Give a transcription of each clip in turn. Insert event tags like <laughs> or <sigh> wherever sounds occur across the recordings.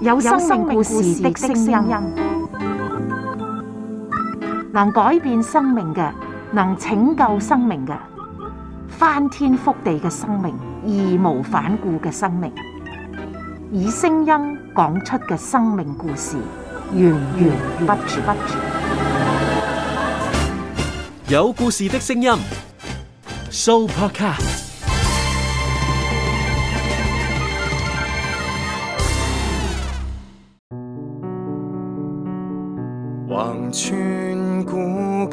有生命故事的聲音，能改變生命嘅，能拯救生命嘅，翻天覆地嘅生命，義無反顧嘅生命，以聲音講出嘅生命故事，源源不絕。有故事的聲音，Sooopodcast。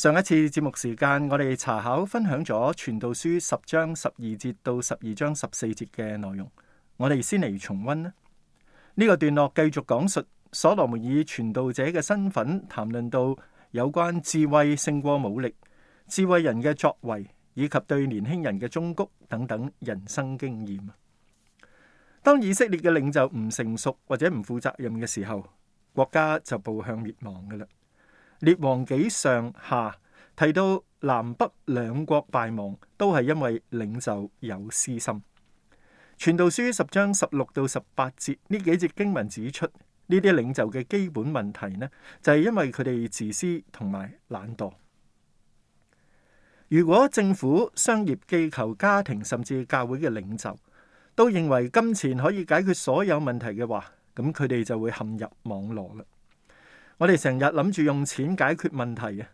上一次節目時間，我哋查考分享咗《傳道書》十章十二節到十二章十四節嘅內容，我哋先嚟重溫啦。呢、呢個段落繼續講述所羅門以傳道者嘅身份談論到有關智慧勝過武力、智慧人嘅作為以及對年輕人嘅忠告等等人生經驗。當以色列嘅領袖唔成熟或者唔負責任嘅時候，國家就步向滅亡㗎喇。列王紀上下提到南北兩國敗亡，都係因為領袖有私心。傳道書十章十六到十八節呢幾節經文指出，呢啲領袖嘅基本問題呢，就係因為佢哋自私同埋懶惰。如果政府、商業機構、家庭甚至教會嘅領袖都認為金錢可以解決所有問題嘅話，咁佢哋就會陷入網絡啦。我哋成日諗住用錢解決問題嘅，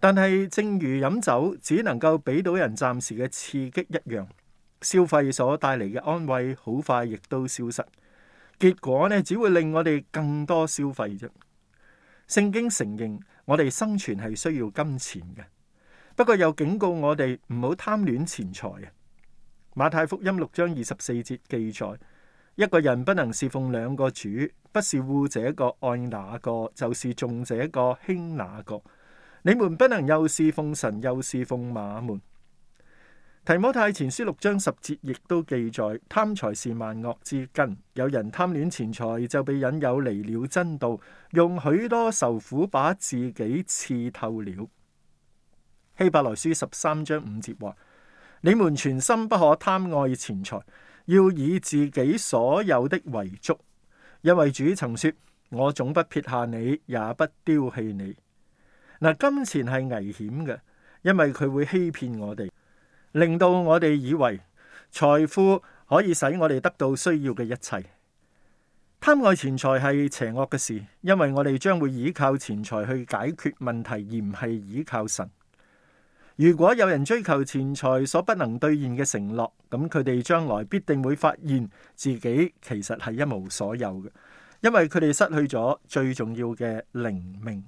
但係正如飲酒只能夠俾到人暫時嘅刺激一樣，消費所帶嚟嘅安慰好快亦都消失，結果呢，只會令我哋更多消費啫。聖經承認我哋生存係需要金錢嘅，不過又警告我哋唔好貪戀錢財啊。馬太福音六章二十四節記載。一個人不能侍奉兩個主，不是護這個愛那個，就是重這個輕那個。你們不能又侍奉神又侍奉馬門。提摩太前書六章十節亦都記載，貪財是萬惡之根。有人貪戀錢財，就被引誘離了真道，用許多愁苦把自己刺透了。希伯來書十三章五節話：你們全心不可貪愛錢財。要以自己所有的為足，因為主曾說：我總不撇下你，也不丟棄你。嗱，金錢係危險嘅，因為佢會欺騙我哋，令到我哋以為財富可以使我哋得到需要嘅一切。貪愛錢財係邪惡嘅事，因為我哋將會依靠錢財去解決問題，而唔係依靠神。如果有人追求錢財所不能兌現嘅承諾，咁佢哋將來必定會發現自己其實係一無所有嘅，因為佢哋失去咗最重要嘅靈命。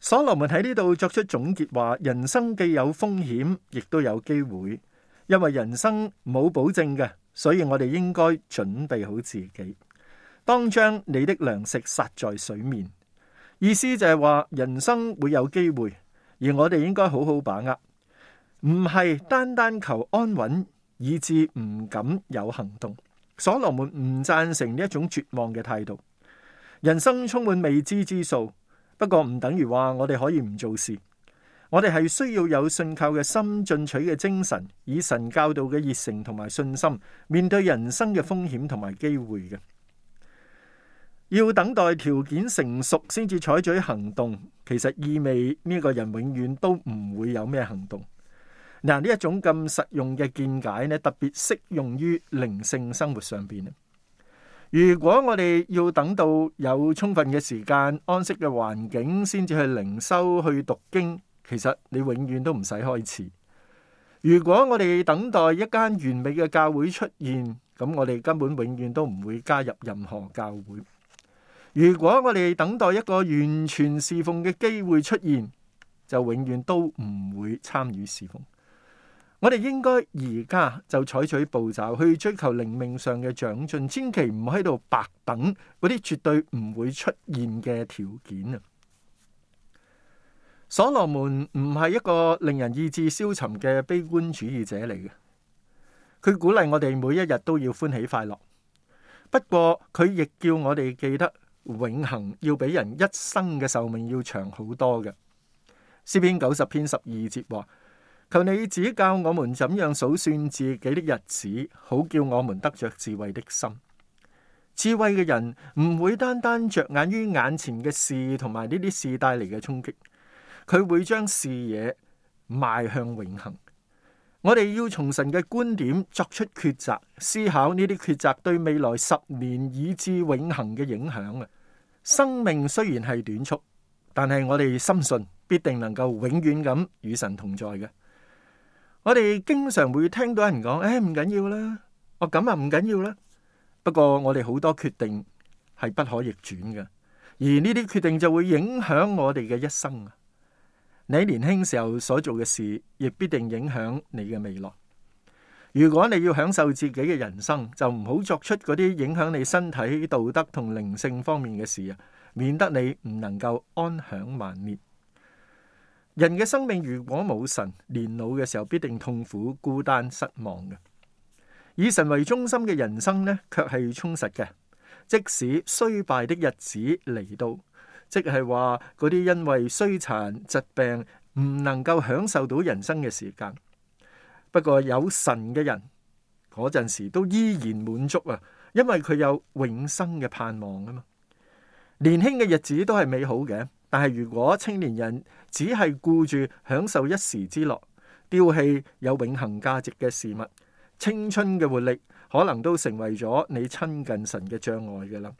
所羅門喺呢度作出總結話：人生既有風險，亦都有機會，因為人生冇保證嘅，所以我哋應該準備好自己，當將你的糧食撒在水面，意思就係話人生會有機會。而我哋應該好好把握，唔係單單求安穩，以致唔敢有行動。所羅門唔贊成呢一種絕望嘅態度。人生充滿未知之數，不過唔等於話我哋可以唔做事。我哋係需要有信靠嘅心、進取嘅精神，以神教導嘅熱誠同埋信心，面對人生嘅風險同埋機會嘅。要等待條件成熟先至採取行動，其實意味呢個人永遠都唔會有咩行動嗱。呢一種咁實用嘅見解呢，特別適用於靈性生活上面。如果我哋要等到有充分嘅時間、安息嘅環境先至去靈修、去讀經，其實你永遠都唔使開始。如果我哋等待一間完美嘅教會出現，咁我哋根本永遠都唔會加入任何教會。如果我哋等待一個完全侍奉嘅機會出現，就永遠都唔會參與侍奉。我哋應該而家就採取步驟去追求靈命上嘅長進，千祈唔喺度白等嗰啲絕對唔會出現嘅條件啊！所羅門唔係一個令人意志消沉嘅悲觀主義者嚟嘅，佢鼓勵我哋每一日都要歡喜快樂。不過佢亦叫我哋記得。永恒要比人一生嘅壽命要長好多嘅。詩篇九十篇十二節話：求你指教我們怎樣數算自己的日子，好叫我們得着智慧的心。智慧嘅人唔會單單着眼於眼前嘅事同埋呢啲事帶嚟嘅衝擊，佢會將視野邁向永恒。我哋要從神嘅觀點作出抉擇，思考呢啲抉擇對未來十年以至永恒嘅影響啊！生命雖然係短促，但係我哋深信必定能夠永遠咁與神同在嘅。我哋經常會聽到人講：誒、哎，唔緊要啦，哦，咁啊唔緊要啦。不過我哋好多決定係不可逆轉嘅，而呢啲決定就會影響我哋嘅一生啊！你年輕時候所做嘅事，亦必定影響你嘅未來。如果你要享受自己嘅人生，就唔好作出嗰啲影響你身體、道德同靈性方面嘅事啊，免得你唔能夠安享晚年。人嘅生命如果冇神，年老嘅時候必定痛苦、孤單、失望嘅。以神為中心嘅人生呢，卻係充實嘅，即使衰敗的日子嚟到，即係話嗰啲因為衰殘疾病唔能夠享受到人生嘅時間，不過有神嘅人嗰陣時都依然滿足啊，因為佢有永生嘅盼望啊嘛。年輕嘅日子都係美好嘅，但係如果青年人只係顧住享受一時之樂，丟棄有永恆價值嘅事物，青春嘅活力可能都成為咗你親近神嘅障礙㗎喇。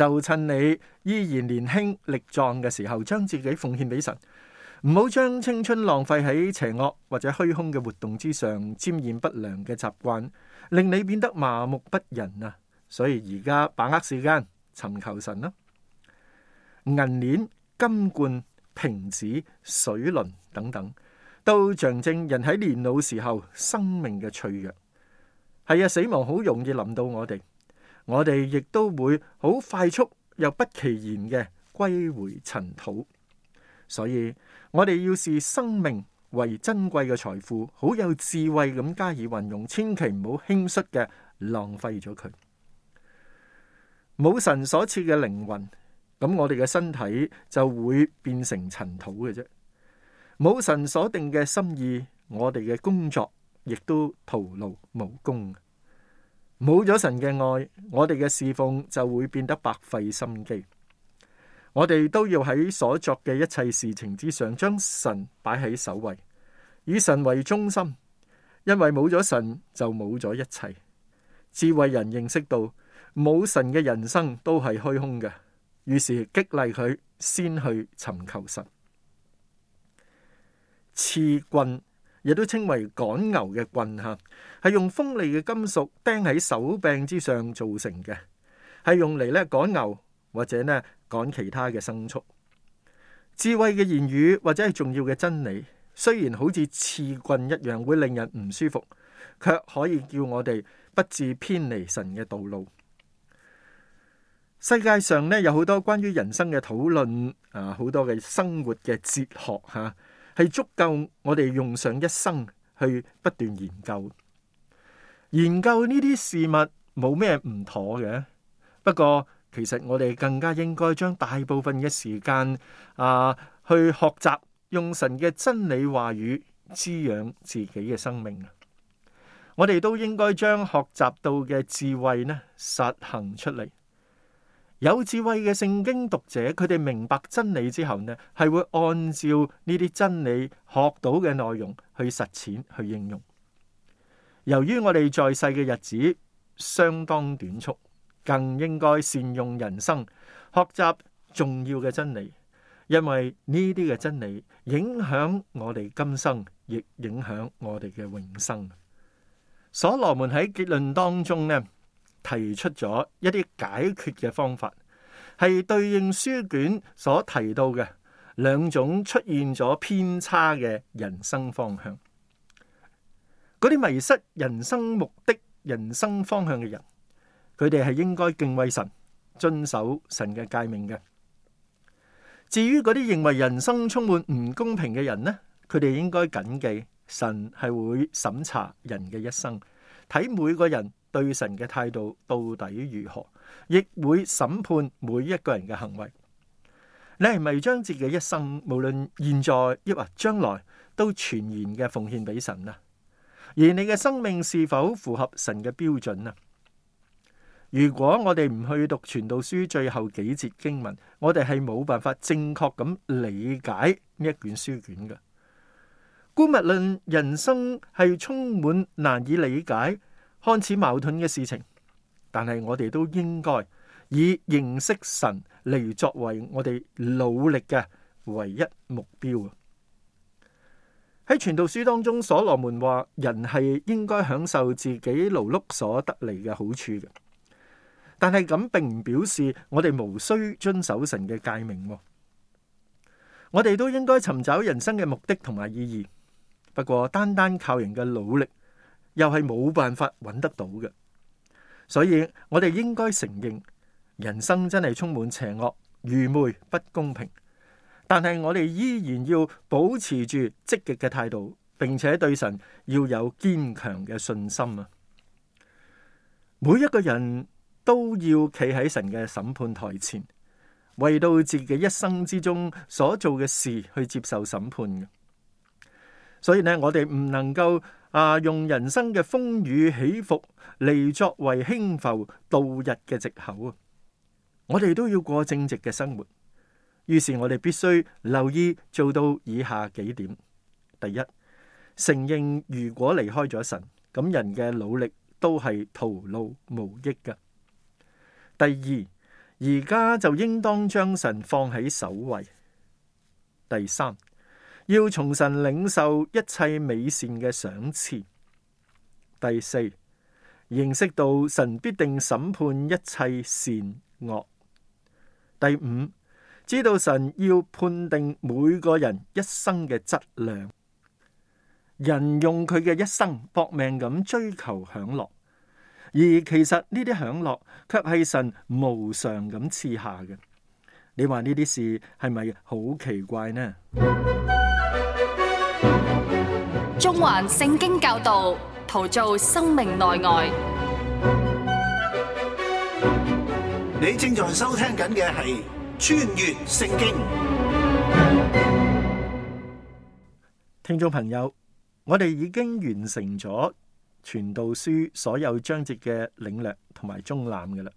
就趁你依然年輕力壯嘅時候，將自己奉獻俾神，唔好將青春浪費喺邪惡或者虛空嘅活動之上，沾染不良嘅習慣，令你變得麻木不仁啊！所以而家把握時間，尋求神啦。銀鏈、金罐、瓶子、水輪等等，都象徵人喺年老時候生命嘅脆弱。係啊，死亡好容易臨到我哋。我哋亦都會好快速又不其然嘅歸回塵土，所以我哋要視生命為珍貴嘅財富，好有智慧咁加以運用，千祈唔好輕率嘅浪費咗佢。冇神所賜嘅靈魂，咁我哋嘅身體就會變成塵土嘅啫。冇神所定嘅心意，我哋嘅工作亦都徒勞無功。冇咗神嘅愛，我哋嘅侍奉就會變得白費心機。我哋都要喺所作嘅一切事情之上，將神擺喺首位，以神為中心，因為冇咗神就冇咗一切。智慧人認識到冇神嘅人生都係虛空嘅，於是激勵佢先去尋求神。痴君。亦都稱為趕牛嘅棍吓，係用鋒利嘅金屬釘喺手柄之上造成嘅，係用嚟咧趕牛或者咧趕其他嘅牲畜。智慧嘅言語或者係重要嘅真理，雖然好似刺棍一樣會令人唔舒服，卻可以叫我哋不至偏離神嘅道路。世界上咧有好多關於人生嘅討論啊，好多嘅生活嘅哲學吓。啊係足夠我哋用上一生去不斷研究。研究呢啲事物，冇咩唔妥嘅。不過其實我哋更加應該將大部分嘅時間啊去學習用神嘅真理話語滋養自己嘅生命。我哋都應該將學習到嘅智慧呢實行出嚟。有智慧嘅聖經讀者，佢哋明白真理之後呢，係會按照呢啲真理學到嘅內容去實踐去應用。由於我哋在世嘅日子相當短促，更應該善用人生學習重要嘅真理，因為呢啲嘅真理影響我哋今生，亦影響我哋嘅永生。所羅門喺結論當中呢，提出咗一啲解決嘅方法，係對應書卷所提到嘅兩種出現咗偏差嘅人生方向。嗰啲迷失人生目的、人生方向嘅人，佢哋係應該敬畏神、遵守神嘅誡命嘅。至於嗰啲認為人生充滿唔公平嘅人呢，佢哋應該謹記神係會審查人嘅一生，睇每個人對神嘅態度到底如何，亦會審判每一個人嘅行為。你係咪將自己一生，無論現在抑或將來，都全然嘅奉獻俾神啊？而你嘅生命是否符合神嘅標準啊？如果我哋唔去讀傳道書最後幾節經文，我哋係冇辦法正確咁理解呢一卷書卷嘅。姑勿論人生係充滿難以理解，看似矛盾嘅事情，但係我哋都應該以認識神嚟，作為我哋努力嘅唯一目標。喺《傳道書》當中，所羅門話：人係應該享受自己勞碌所得嚟嘅好處嘅，但係咁並唔表示我哋無需遵守神嘅誡命。我哋都應該尋找人生嘅目的同埋意義。不過，單單靠人嘅努力。又係冇辦法揾得到嘅，所以我哋應該承認人生真係充滿邪惡、愚昧、不公平。但係我哋依然要保持住積極嘅態度，並且對神要有堅強嘅信心啊！每一個人都要企喺神嘅審判台前，為到自己一生之中所做嘅事去接受審判嘅。所以呢，我哋唔能夠啊用人生嘅風雨起伏嚟，作為輕浮度日嘅藉口啊！我哋都要過正直嘅生活。於是我哋必須留意做到以下幾點：第一，承認如果離開咗神，咁人嘅努力都係徒勞無益噶。第二，而家就應當將神放喺首位。第三。要從神領受一切美善嘅賞賜。第四，認識到神必定審判一切善惡。第五，知道神要判定每個人一生嘅質量。人用佢嘅一生搏命咁追求享樂，而其實呢啲享樂卻係神無償咁賜下嘅。你話呢啲事係咪好奇怪呢？中環聖經教導，陶造生命內外。你正在收聽緊嘅係《穿越聖經》。聽眾朋友，我哋已經完成咗《傳道書》所有章節嘅領略同埋中覽嘅啦。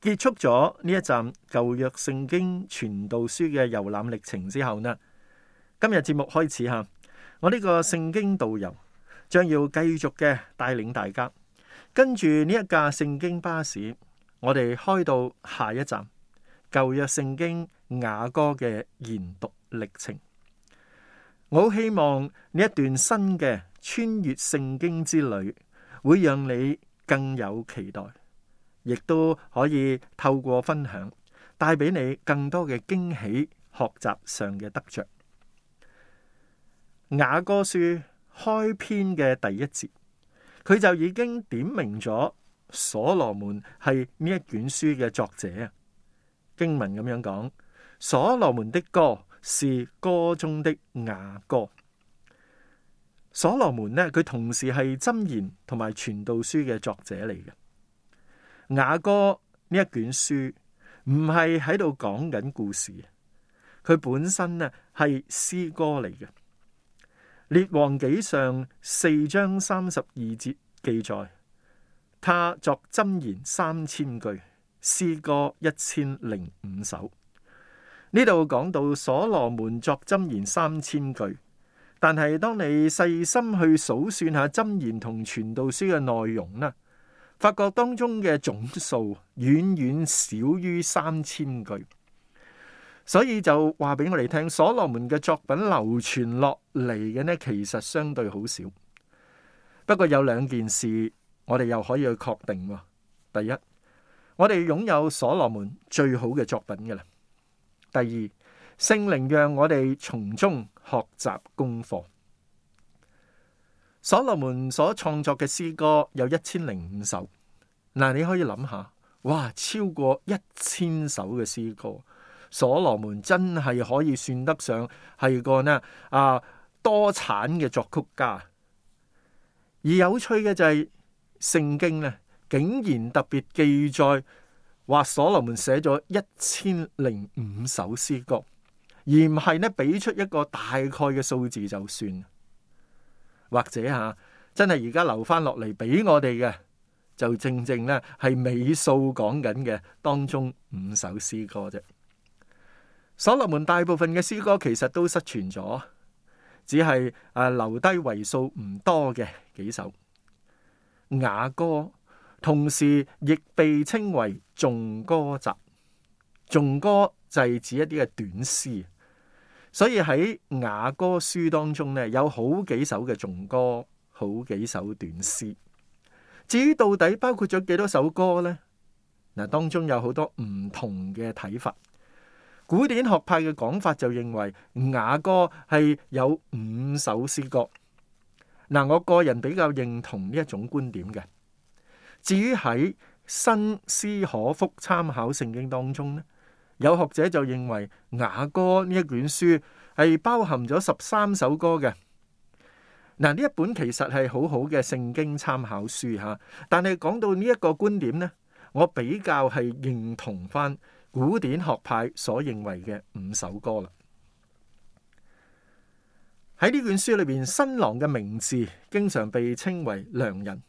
結束咗呢一站舊約聖經《傳道書》嘅遊覽歷程之後呢，今日節目開始吓。我呢個聖經導遊將要繼續嘅帶領大家，跟住呢一架聖經巴士，我哋開到下一站舊約聖經雅歌嘅研讀歷程。我好希望呢一段新嘅穿越聖經之旅，會讓你更有期待，亦都可以透過分享帶俾你更多嘅驚喜、學習上嘅得着。雅歌書開篇嘅第一節，佢就已經點明咗所羅門係呢一卷書嘅作者啊。經文咁樣講，所羅門的歌是歌中的雅歌。所羅門呢，佢同時係箴言同埋傳道書嘅作者嚟嘅。雅歌呢一卷書唔係喺度講緊故事，佢本身呢，係詩歌嚟嘅。列王記上四章三十二節記載，他作箴言三千句，詩歌一千零五首。呢度講到所羅門作箴言三千句，但係當你細心去數算下箴言同傳道書嘅內容啦，發覺當中嘅總數遠遠少於三千句。所以就話俾我哋聽，所羅門嘅作品流傳落嚟嘅呢，其實相對好少。不過有兩件事，我哋又可以去確定。第一，我哋擁有所羅門最好嘅作品嘅啦。第二，聖靈讓我哋從中學習功課。所羅門所創作嘅詩歌有一千零五首。嗱，你可以諗下，哇，超過一千首嘅詩歌。所羅門真係可以算得上係個呢啊多產嘅作曲家。而有趣嘅就係、是、聖經呢，竟然特別記載話所羅門寫咗一千零五首詩歌，而唔係呢俾出一個大概嘅數字就算。或者吓、啊、真係而家留翻落嚟俾我哋嘅，就正正呢係尾數講緊嘅當中五首詩歌啫。所羅門大部分嘅詩歌其實都失傳咗，只係誒、啊、留低為數唔多嘅幾首雅歌，同時亦被稱為頌歌集。頌歌就係指一啲嘅短詩，所以喺雅歌書當中呢，有好幾首嘅頌歌，好幾首短詩。至於到底包括咗幾多首歌呢？嗱，當中有好多唔同嘅睇法。古典學派嘅講法就認為雅歌係有五首詩歌，嗱，我個人比較認同呢一種觀點嘅。至於喺《新司可福參考聖經》當中咧，有學者就認為雅歌呢一卷書係包含咗十三首歌嘅。嗱，呢一本其實係好好嘅聖經參考書吓，但係講到呢一個觀點呢，我比較係認同返。古典學派所認為嘅五首歌啦，喺呢卷書裏邊，新郎嘅名字經常被稱為良人，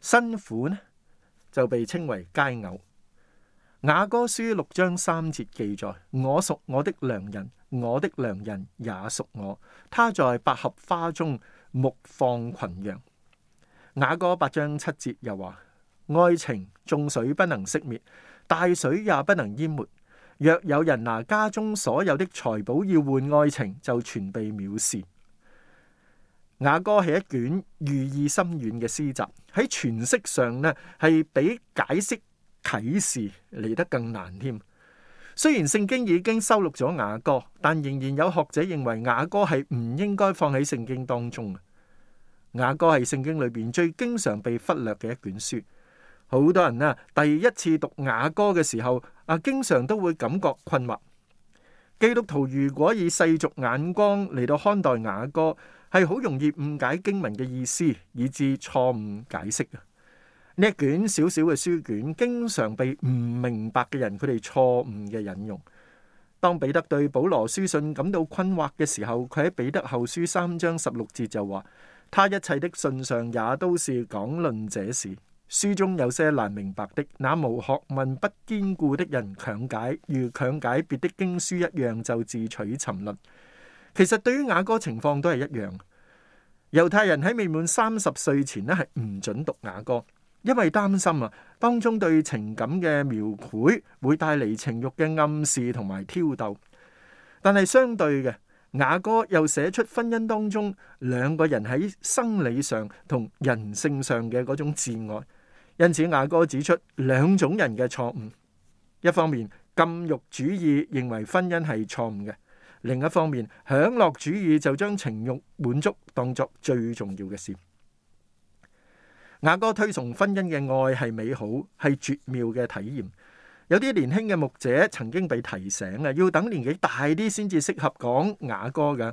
新婦呢就被稱為佳偶。雅歌書六章三節記載：我屬我的良人，我的良人也屬我。他在百合花中牧放群羊。雅歌八章七節又話：愛情眾水不能熄滅。大水也不能淹沒。若有人拿、啊、家中所有的財寶要換愛情，就全被藐視。雅歌係一卷寓意深遠嘅詩集，喺詮釋上呢，係比解釋啟示嚟得更難添。雖然聖經已經收錄咗雅歌，但仍然有學者認為雅歌係唔應該放喺聖經當中。雅歌係聖經裏邊最經常被忽略嘅一卷書。好多人啊，第一次讀雅歌嘅時候啊，經常都會感覺困惑。基督徒如果以世俗眼光嚟到看待雅歌，係好容易誤解經文嘅意思，以致錯誤解釋嘅呢卷小小嘅書卷，經常被唔明白嘅人佢哋錯誤嘅引用。當彼得對保羅書信感到困惑嘅時候，佢喺彼得後書三章十六節就話：他一切的信上也都是講論這事。書中有些難明白的，那無學問不堅固的人強解，如強解別的經書一樣，就自取沉淪。其實對於雅歌情況都係一樣。猶太人喺未滿三十歲前呢，係唔準讀雅歌，因為擔心啊當中對情感嘅描繪會帶嚟情欲嘅暗示同埋挑逗。但係相對嘅雅歌又寫出婚姻當中兩個人喺生理上同人性上嘅嗰種摯愛。因此，雅歌指出兩種人嘅錯誤。一方面，禁欲主義認為婚姻係錯誤嘅；另一方面，享樂主義就將情欲滿足當作最重要嘅事。雅歌推崇婚姻嘅愛係美好，係絕妙嘅體驗。有啲年輕嘅牧者曾經被提醒啊，要等年紀大啲先至適合講雅歌㗎。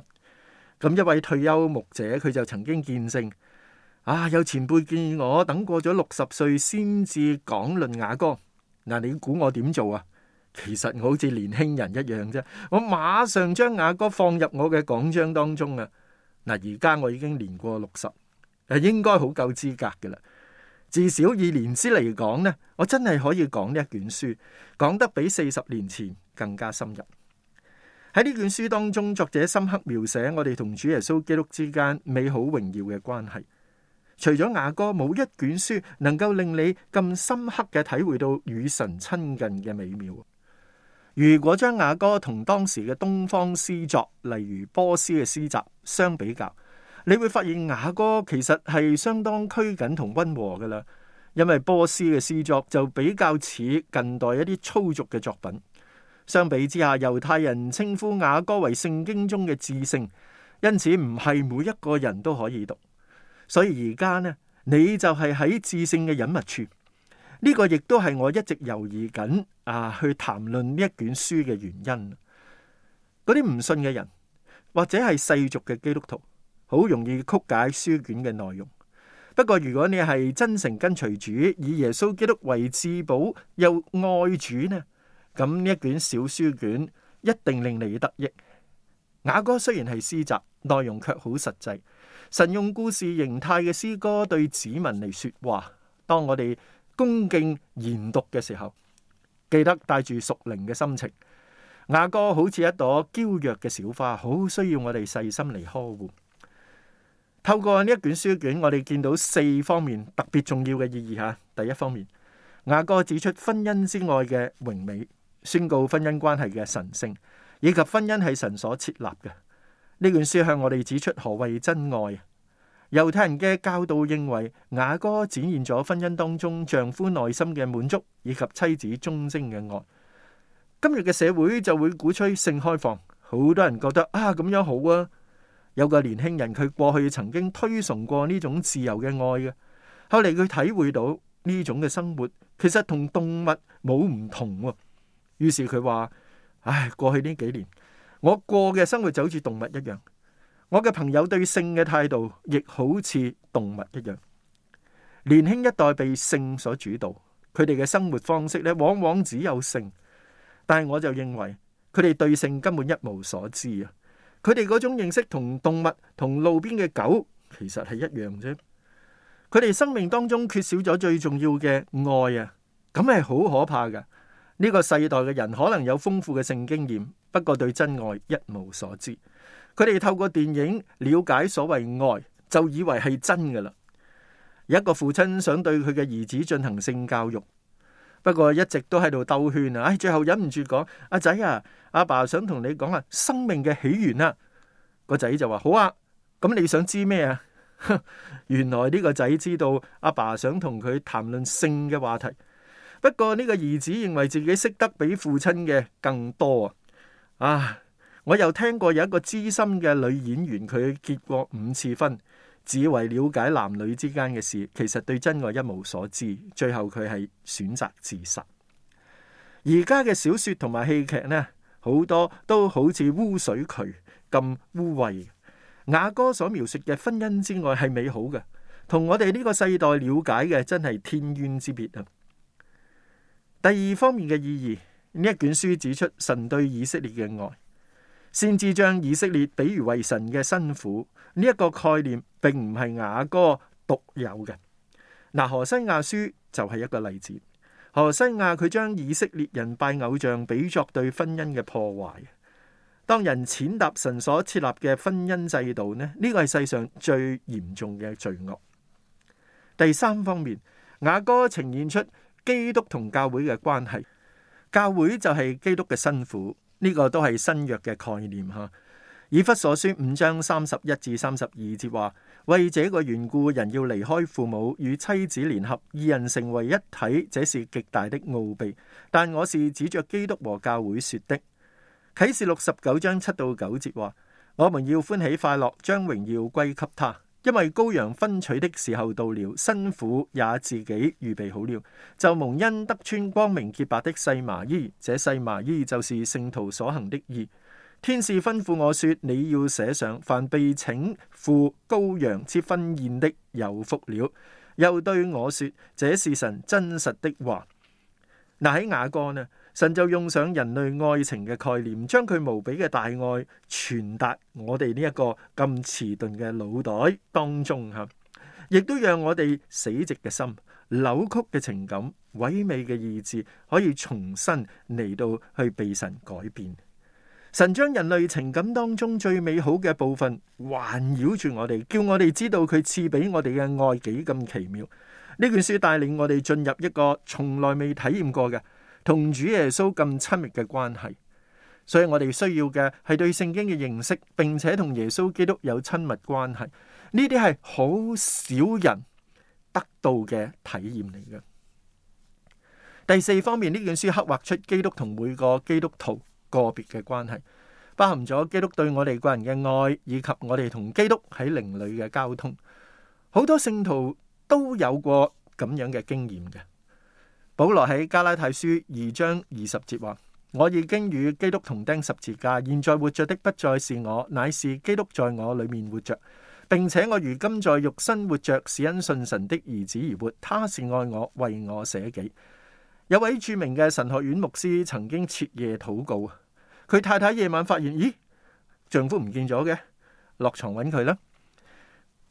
咁一位退休牧者佢就曾經見證。啊！有前輩建議我等過咗六十歲先至講論雅歌。嗱，你估我點做啊？其實我好似年輕人一樣啫。我馬上將雅歌放入我嘅講章當中啊。嗱，而家我已經年過六十，誒，應該好夠資格㗎喇。至少以年資嚟講呢，我真係可以講呢一卷書講得比四十年前更加深入。喺呢卷書當中，作者深刻描寫我哋同主耶穌基督之間美好榮耀嘅關係。除咗雅歌，冇一卷書能夠令你咁深刻嘅體會到與神親近嘅美妙。如果將雅歌同當時嘅東方詩作，例如波斯嘅詩集相比較，你會發現雅歌其實係相當拘謹同溫和噶啦。因為波斯嘅詩作就比較似近代一啲粗俗嘅作品。相比之下，猶太人稱呼雅歌為聖經中嘅至聖，因此唔係每一個人都可以讀。所以而家呢，你就係喺至聖嘅隱密處，呢、這個亦都係我一直猶豫緊啊去談論呢一卷書嘅原因。嗰啲唔信嘅人或者係世俗嘅基督徒，好容易曲解書卷嘅內容。不過如果你係真誠跟隨主，以耶穌基督為至寶又愛主呢，咁呢一卷小書卷一定令你得益。雅歌雖然係詩集，內容卻好實際。神用故事形態嘅詩歌對子民嚟說話，當我哋恭敬研讀嘅時候，記得帶住屬靈嘅心情。雅歌好似一朵嬌弱嘅小花，好需要我哋細心嚟呵護。透過呢一卷書卷，我哋見到四方面特別重要嘅意義吓。第一方面，雅歌指出婚姻之愛嘅榮美，宣告婚姻關係嘅神聖，以及婚姻係神所設立嘅。呢本書向我哋指出何謂真愛。猶太人嘅教導認為，雅歌展現咗婚姻當中丈夫內心嘅滿足，以及妻子忠貞嘅愛。今日嘅社會就會鼓吹性開放，好多人覺得啊，咁樣好啊。有個年輕人，佢過去曾經推崇過呢種自由嘅愛嘅，後嚟佢體會到呢種嘅生活其實同動物冇唔同，於是佢話：唉，過去呢幾年。我過嘅生活就好似動物一樣，我嘅朋友對性嘅態度亦好似動物一樣。年輕一代被性所主導，佢哋嘅生活方式咧，往往只有性。但係我就認為佢哋對性根本一無所知啊！佢哋嗰種認識同動物同路邊嘅狗其實係一樣啫。佢哋生命當中缺少咗最重要嘅愛啊！咁係好可怕噶。呢個世代嘅人可能有豐富嘅性經驗。不過對真愛一無所知，佢哋透過電影了解所謂愛，就以為係真噶啦。有一個父親想對佢嘅兒子進行性教育，不過一直都喺度兜圈啊。唉，最後忍唔住講阿仔啊，阿爸，爸想同你講下生命嘅起源啦，啊。個仔就話好啊，咁你想知咩啊？ <laughs> 原來呢個仔知道阿爸，爸想同佢談論性嘅話題，不過呢個兒子認為自己識得比父親嘅更多。啊！我又聽過有一個資深嘅女演員，佢結過五次婚，只為了解男女之間嘅事。其實對真愛一無所知，最後佢係選擇自殺。而家嘅小說同埋戲劇呢，好多都好似污水渠咁污穢。雅歌所描述嘅婚姻之愛係美好嘅，同我哋呢個世代了解嘅真係天淵之別啊！第二方面嘅意義。呢一卷書指出神對以色列嘅愛，先至將以色列比喻為神嘅新婦。呢一、這個概念，並唔係雅歌獨有嘅。嗱、啊，何西阿書就係一個例子。何西阿佢將以色列人拜偶像比作對婚姻嘅破壞。當人踐踏神所設立嘅婚姻制度呢，呢、這個係世上最嚴重嘅罪惡。第三方面，雅歌呈現出基督同教會嘅關係。教會就係基督嘅新婦，呢、這個都係新約嘅概念吓。以弗所書五章三十一至三十二節話，為這個緣故，人要離開父母與妻子聯合，二人成為一體，這是極大的奧秘。但我是指着基督和教會說的。啟示錄十九章七到九節話，我們要歡喜快樂，將榮耀歸給他。因為羔羊婚娶的時候到了，新婦也自己預備好了，就蒙恩得穿光明潔白的細麻衣。這細麻衣就是聖徒所行的義。天使吩咐我說：你要寫上，凡被請赴羔羊之婚宴的，有福了。又對我說：這是神真實的話。嗱、啊、喺雅歌呢？神就用上人類愛情嘅概念，將佢無比嘅大愛傳達我哋呢一個咁遲鈍嘅腦袋當中吓，亦都讓我哋死寂嘅心、扭曲嘅情感、萎靡嘅意志，可以重新嚟到去被神改變。神將人類情感當中最美好嘅部分環繞住我哋，叫我哋知道佢賜俾我哋嘅愛幾咁奇妙。呢卷書帶領我哋進入一個從來未體驗過嘅，同主耶穌咁親密嘅關係，所以我哋需要嘅，係對聖經嘅認識，並且同耶穌基督有親密關係。呢啲係好少人得到嘅體驗嚟嘅。第四方面，呢卷書刻畫出基督同每個基督徒個別嘅關係，包含咗基督對我哋個人嘅愛，以及我哋同基督喺靈裏嘅交通。好多聖徒都有過咁樣嘅經驗嘅。保羅喺加拉太書二章二十節話：我已經與基督同釘十字架，現在活着的不再是我，乃是基督在我裏面活着，並且我如今在肉身活着，是因信神的兒子而活，他是愛我，為我捨己。有位著名嘅神學院牧師曾經徹夜禱告，佢太太夜晚發現，咦，丈夫唔見咗嘅，落床揾佢啦。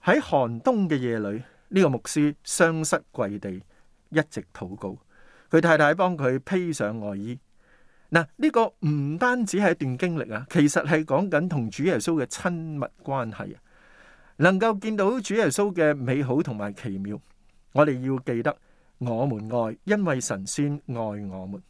喺寒冬嘅夜裏，呢、這個牧師雙膝跪地，一直禱告。佢太太幫佢披上外衣。嗱，呢個唔單止係一段經歷啊，其實係講緊同主耶穌嘅親密關係啊。能夠見到主耶穌嘅美好同埋奇妙，我哋要記得，我們愛，因為神仙愛我們。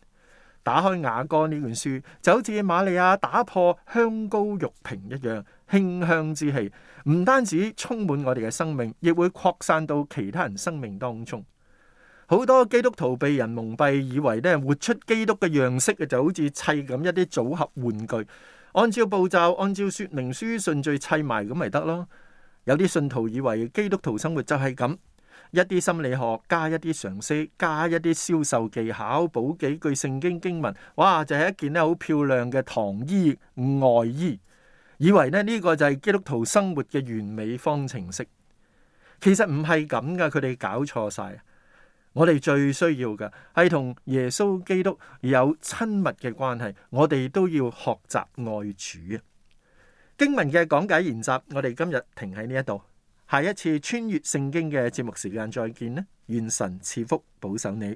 打開雅歌呢本書，就好似瑪利亞打破香膏玉瓶一樣，馨香之氣，唔單止充滿我哋嘅生命，亦會擴散到其他人生命當中。好多基督徒被人蒙蔽，以為咧活出基督嘅樣式就好似砌咁一啲組合玩具，按照步驟，按照說明書順序砌埋咁咪得咯。有啲信徒以為基督徒生活就係咁，一啲心理學加一啲常識，加一啲銷售技巧，補幾句聖經經文，哇，就係一件咧好漂亮嘅唐衣外衣，以為咧呢個就係基督徒生活嘅完美方程式。其實唔係咁噶，佢哋搞錯晒。我哋最需要嘅係同耶穌基督有親密嘅關係，我哋都要學習愛主啊！經文嘅講解研習，我哋今日停喺呢一度，下一次穿越聖經嘅節目時間再見咧，願神賜福保守你。